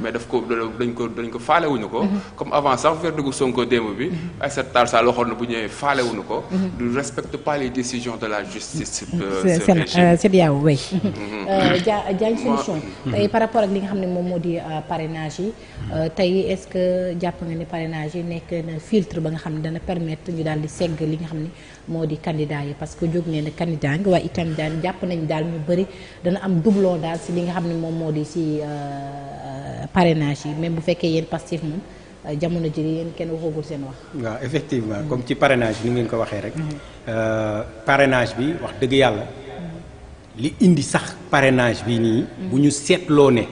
mais daf ko dañ ko dañ ko wuñu ko comme avant sax verdigu Sonko démb bi ay sa Sall waxoon na bu ñewé ñëwee wuñu ko du respecte pas les décisions de la justice euh, c'est c'est bien CEDEAO euh, mhm. euh Diagne solution tay par rapport ak li nga xamné mom modi euh, parrainage yi tey est-ce que japp nga ni parrainage nek na filtre ba nga xamné ne dana permettre ñu dal di ségg li nga xamné modi candidat yi parce que jog nee na candidat nga wa itam dal japp nañ dal ñu bëri dana am doublon dal si li nga xamné mom modi moo euh parrainage même bu fekkee yéen pastif moom euh, jamono ji yéen kenn waxagul seen wax. waaw effectivement comme ci parrainage ni ngeen ko waxee rek. Mhm. Euh, parrainage bi wax dëgg yàlla. Mhm. li indi sax parrainage bi nii. Mhm. bu ñu seetloo ne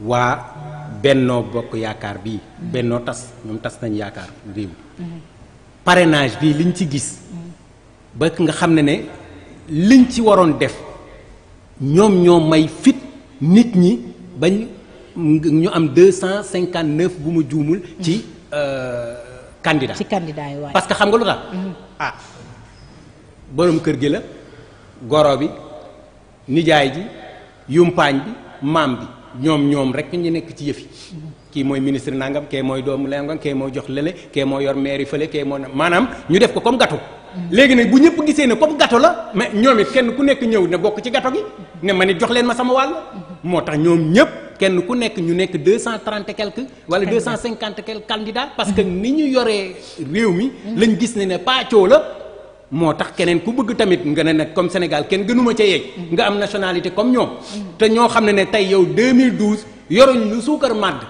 waa bennoo bokk yaakaar bii. bennoo tas ñoom tas nañ yaakaar réew mi. parrainage bii liñ ci gis. ba nga xam ne ne liñ ci waroon def ñoom ñoo may fit nit ñi bañ ñu am deux cent cinquante neuf bu ma juumul. ci euh, candidat ci candidat yi waaye parce que xam nga lu tax. Mhm. ah kër gi la goro bi nijaay ji yumpaañ bi maam bi ñoom ñoom rek ñu nekk ci yëf yi. kii mooy ministre nangam kee mooy doomu lengam kee mooy jox lële kee mooy yor mairie fële kee mooy maanaam ñu def ko comme gâteau. léegi nag bu ñëpp gisee ne comme gâteau la mais ñoom it kenn ku nekk ñëw ne bokk ci gâteau gi ne ma ne jox leen ma sama wàll. moo tax ñoom ñëpp. kenn ku nekk ñu nekk 230 et quelques wala 250 cent quelques candidats parce que ni ñu yoree réew mi lañ gis ne ne paacoo la moo tax keneen ku bëgg tamit nga ne nag comme Sénégal kenn gënuma ca yeeg nga am nationalité comme ñoom te ñoo xam ne ne tey yow 2012 yoruñ lu suukar màdd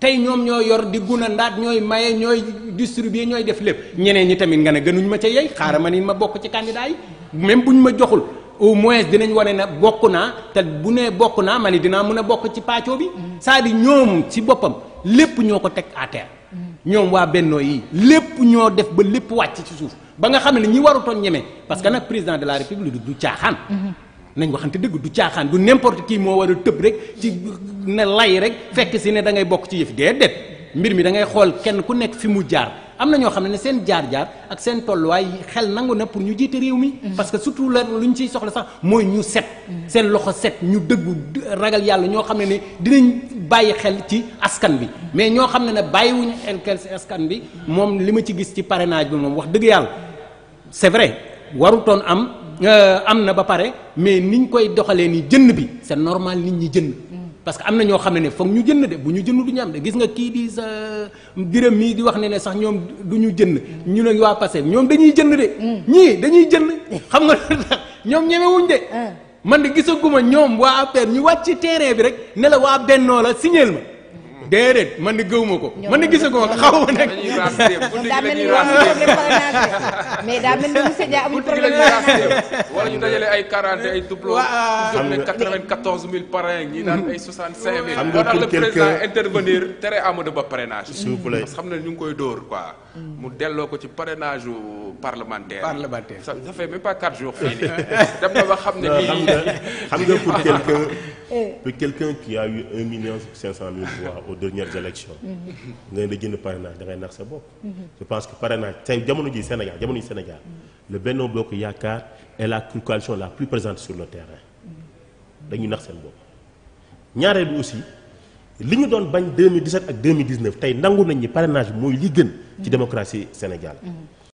tey ñoom ñoo yor di guna ndaat ñooy maye ñooy distribuer ñooy def lépp ñeneen ñi tamit nga ne gënuñ ma ca yeeg xaaral ma ni ma bokk ci candidat yi même buñ ma joxul au moins dinañ wane ne bokk naa te bu nee bokk naa ma ni dinaa mën a bokk ci pàccoo bi saa di dire ñoom ci boppam lépp ñoo ko teg à mm-hmm. ñoom waa bennoo yi lépp ñoo def ba lépp wàcc ci suuf ba nga xam ne ñi warutoon ñeme parce que nag mm-hmm. président de la république du du caaxaan mm-hmm. nañ waxante dëgg du caaxaan du n'importe kii moo war a tëb rek ci ne lay rek fekk si ne da ngay bokk ci yëf déedéet mbir mi dangay xool kenn ku nekk fi mu jaar Nous ñoo xam ne seen jaar-jaar ak seen tolluwaay xel pour ñu mhm. parce que surtout nous avons ciy soxla sax mooy ñu set. Mhm. seen loxo set ñu ragal mais ñoo xam ne ne bàyyiwuñu xel askan bi moom li ci gis ci c'est vrai warutoon am euh, am na ba mais niñ koy doxalee ni bi c'est normal nit ñi parce que am na ñoo xam ne ne foog ñu jënd de bu ñu jënd du ñu am de gis nga kii di sa biram mii di wax ne ne sax ñoom du ñu jënd ñu ne waa Pastef ñoom dañuy jënd de mm. ñii dañuy jën xam nga tax ñoom ñemewuñ de mm. man de gisaguma ñoom waa APR ñu wàcc terrain bi rek ne la waa bennoo la signeel ma déedéet man de gëw ko. man de gisee ko xaw ma nag. daa mel ni yow problème mais daa mel ni monsieur Dia amul problème parrainage. wala ñu dajale ay 40 ay doublons. waaw xam nga 94 000 parrain ñi naan ay 65 000. xam Ba parrainage. suuf xam ñu ngi koy dóor quoi. Mm. mu delloo ko ci parrainage parlementaire. parlementaire ça fait même pas 4 jours eh. a eu aux dernières élections mhm. nga ne da jënd parrainage da ngay nax sa mhm. je pense que parrainage tey jamono ji Sénégal jamono ji Sénégal mhm. le Beno bloc Yakar est la coalition la plus présente sur le terrain dañuy nax seen bopp ñaareel bi aussi li ñu bañ 2017 ak 2019 tey nangu nañ ni parrainage bi mooy li gën démocratie Sénégal